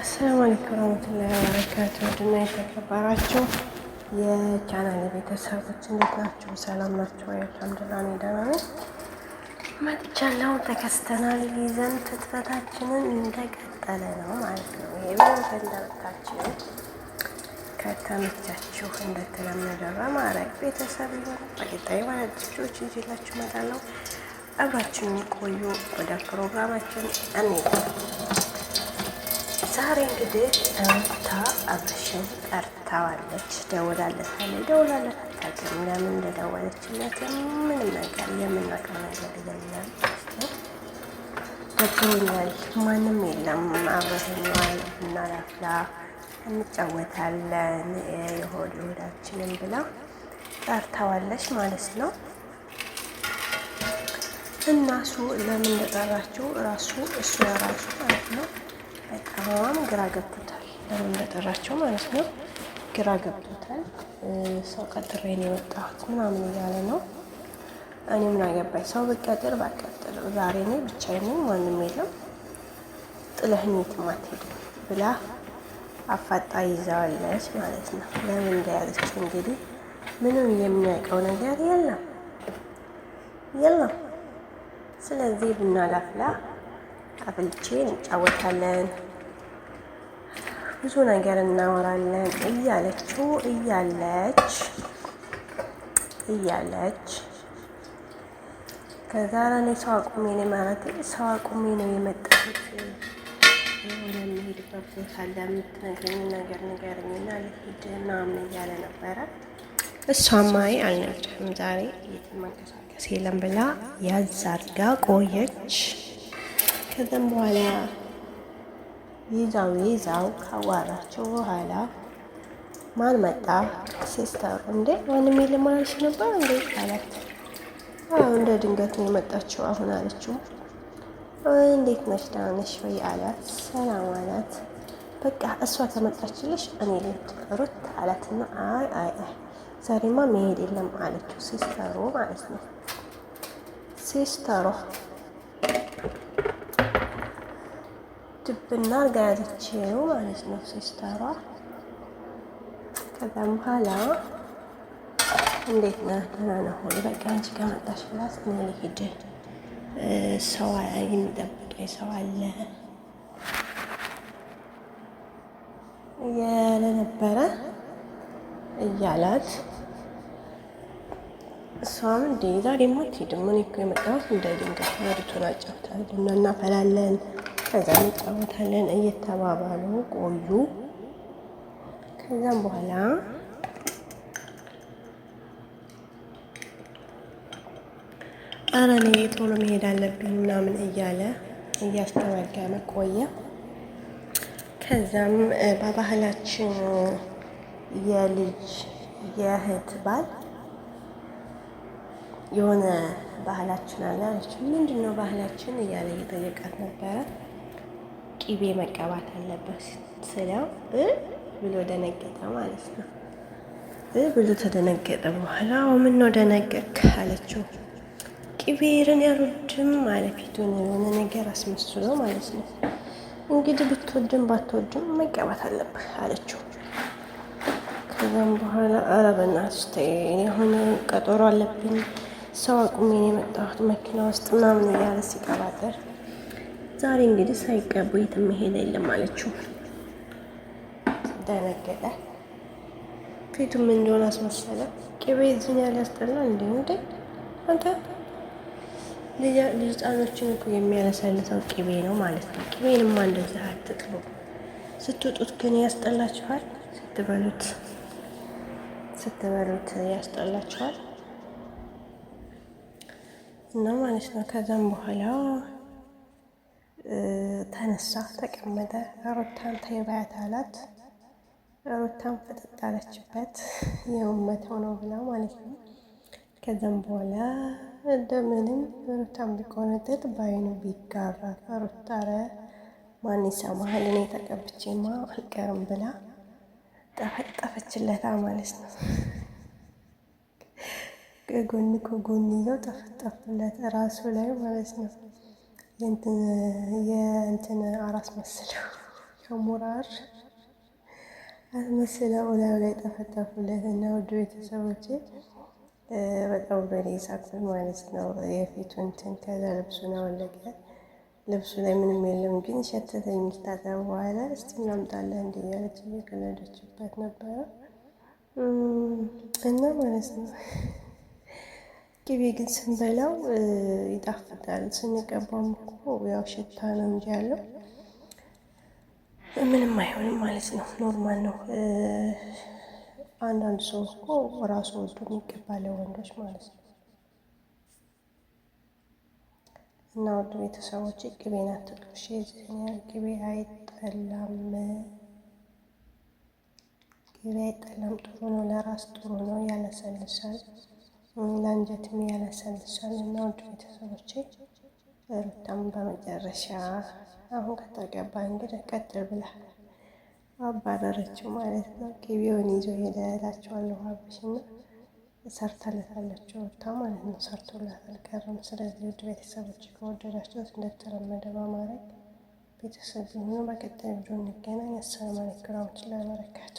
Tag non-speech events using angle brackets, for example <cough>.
አሰላሙ አለይኩም ወረህመቱላሂ ወበረካቱ። ውድና የተከበራችሁ የቻናል ቤተሰቦች እንዴት ናችሁ? ሰላም ናችሁ? አልሐምዱሊላህ እኔ ደህና ነኝ። መጥቻለሁ። ተከስተናል ይዘን ፍጥረታችንን እንደቀጠለ ነው ማለት ነው። ይሄ ብረት እንደመጣችሁ ከተመቻችሁ እንደተለመደው በማድረግ ቤተሰብ ይሆን በቀጣይ ማለት ልጆች ይዤላችሁ እመጣለሁ። አብራችሁን ቆዩ። ወደ ፕሮግራማችን እንሄዳለን። ዛሬ እንግዲህ ሩታ አብርሽን ጠርታዋለች። ደውላለታለች ደውላለች አታውቅም ምናምን እንደደወለችለት ምንም ነገር የምናውቀው ነገር የለም። ገብቶኛል። ማንም የለም። አብረኛል እናላፍላ እንጫወታለን የሆድ የሆዳችንን ብላ ጠርታዋለች ማለት ነው። እናሱ ለምን እንደጠራችው ራሱ እሱ ራሱ ማለት ነው በጣም ግራ ገብቶታል። ለምን እንደጠራቸው ማለት ነው። ግራ ገብቶታል። ሰው ቀጥሬ የወጣሁት ምናምን እያለ ነው። እኔ ምን አገባኝ ሰው ብቀጥር ባቀጥር፣ ዛሬ እኔ ብቻዬን ነኝ፣ ማንም የለም፣ ጥለህኝት ማትሄድ ብላ አፋጣ ይዘዋለች ማለት ነው። ለምን እንደያዘች እንግዲህ ምንም የሚያውቀው ነገር የለም የለም። ስለዚህ ቡና ላፍላ አፍልቼ እንጫወታለን፣ ብዙ ነገር እናወራለን እያለችው እያለች እያለች ከዛ እኔ ሰው አቁሜ ነው ማለት ሰው አቁሜ ነው የመጣሁት የሆነ የምሄድበት ቦታ አለ ነገር ነገር እና ልሂድ ምናምን እያለ ነበረ። እሷም አይ አልነግርህም ዛሬ እየተመንቀሳቀስ የለም ብላ ያዝ አድርጋ ቆየች። ከዛም በኋላ ይዛው ይዛው ካዋራቸው በኋላ ማን መጣ? ሲስተሩ እንዴ ወንድሜ ልማልሽ ነበር እንዴ አላት። አዎ እንደ ድንገት ነው የመጣችው አሁን አለችው። እንዴት ነሽ ደህና ነሽ ወይ አላት። ሰላም አላት። በቃ እሷ ተመጣችልሽ እኔ ልሂድ ሩት አላትና አይ አይ አይ ዛሬማ መሄድ የለም አለችው ሲስተሩ ማለት ነው ሲስተሩ ድብና አርጋ ያዘችው ማለት ነው ሲስተሯ። ከዛ በኋላ እንዴት ነ ደህና ነህ ወይ? በቃ አንቺ ከመጣሽ ብላት እኔ ልሂድ፣ ሰው የሚጠብቀኝ ሰው አለ እያለ ነበረ እያላት እሷም እንዴ ዛሬ አትሄድም፣ እኔ እኮ የመጣሁት እንዳይ ድንገት መሪቱን አጫውታልና እናፈላለን ከዛ እንጫወታለን እየተባባሉ ቆዩ። ከዛም በኋላ አረኔ ቶሎ መሄድ አለብኝ ምናምን እያለ እያስተናገመ ቆየ። ከዛም በባህላችን የልጅ የእህት ባል የሆነ ባህላችን አለ አለችው። ምንድን ነው ባህላችን እያለ እየጠየቃት ነበረ። ቂቤ መቀባት አለበት ስለው ብሎ ደነገጠ ማለት ነው። ብሎ ተደነገጠ። በኋላ ምን ነው ደነገጥክ አለችው። ቅቤርን ያልወድም ማለፊቱን የሆነ ነገር አስመስሎ ማለት ነው። እንግዲህ ብትወድም ባትወድም መቀባት አለብህ አለችው። ከዛም በኋላ ኧረ በእናትሽ ተይ የሆነ ቀጠሮ አለብኝ ሰው አቁሜን የመጣሁት መኪና ውስጥ ምናምን እያለ ሲቀባጠር ዛሬ እንግዲህ ሳይቀቡ የትም መሄድ የለም አለችው። ደነገጠ። ፊቱም እንደሆነ አስመሰለ። ቅቤ ዝን ያለ ያስጠላ እንዴ እንደ አንተ ልጫኖችን እኮ የሚያለሰልሰው ቅቤ ነው ማለት ነው። ቅቤንማ እንደዚህ አትጥሉ። ስትውጡት ግን ያስጠላችኋል፣ ስትበሉት ስትበሉት ያስጠላችኋል እና ማለት ነው ከዛም በኋላ ተነሳ፣ ተቀመጠ። ሩታን ተይባት አላት። ሩታን ፈጠጥ አለችበት የውመተው ነው ብላ ማለት ነው። ከዛም በኋላ እንደምንም ሩታን ቢቆነጠጥ በአይኑ ቢጋራ ሩታ ኧረ ማን ይሰማሃል እኔ ተቀብቼማ አልቀርም ብላ ጠፈጠፈችለታ ማለት ነው። ከጎን ከጎን ይዘው ጠፈጠፉለት ራሱ ላይ ማለት ነው። የእንትን አራስ መስለው ከሙራር <laughs> አስመስለው እላዩ ላይ ጠፈጠፉለት እና ውድ ቤተሰቦቼ በጣም በኔ ሳቅን ማለት ነው። የፊቱ እንትን ከዛ ልብሱን አወለቀ። ልብሱ ላይ ምንም የለም ግን ሸተተኝ። ታጠ በኋላ እስቲ እናምጣለን እንዲ እያለች እየቀለደችበት ነበረ እና ማለት ነው ቅቤ ግን ስንበላው ይጣፍጣል። ስንቀባም እኮ ያው ሽታ ነው እንጂ ያለው ምንም አይሆንም ማለት ነው። ኖርማል ነው። አንዳንድ ሰው እኮ ራሱ ወዶ የሚቀባለ ወንዶች ማለት ነው። እና ወዱ ቤተሰቦች ቅቤን አትጥሉ። ቅቤ አይጠላም፣ ቅቤ አይጠላም። ጥሩ ነው፣ ለራስ ጥሩ ነው፣ ያለሰልሳል። ለአንጀት ያለሰልሳል እና ውድ ቤተሰቦች ሩታም በመጨረሻ አሁን ከተቀባ እንግዲህ ቀጥል ብላ አባረረችው ማለት ነው። ቅቤውን ይዞ ሄደ እላቸዋለሁ። አብሽና ሰርታለታለች ወታ ማለት ነው። ሰርቶላት አልቀርም። ስለዚህ ውድ ቤተሰቦች ከወደዳችሁት እንደተለመደ በማድረግ ቤተሰብ ቢሆኑ በቀጣይ ቪዲዮ እንገናኝ። አሰላም አለይኩም ወራህመቱላሂ ወበረካቱ።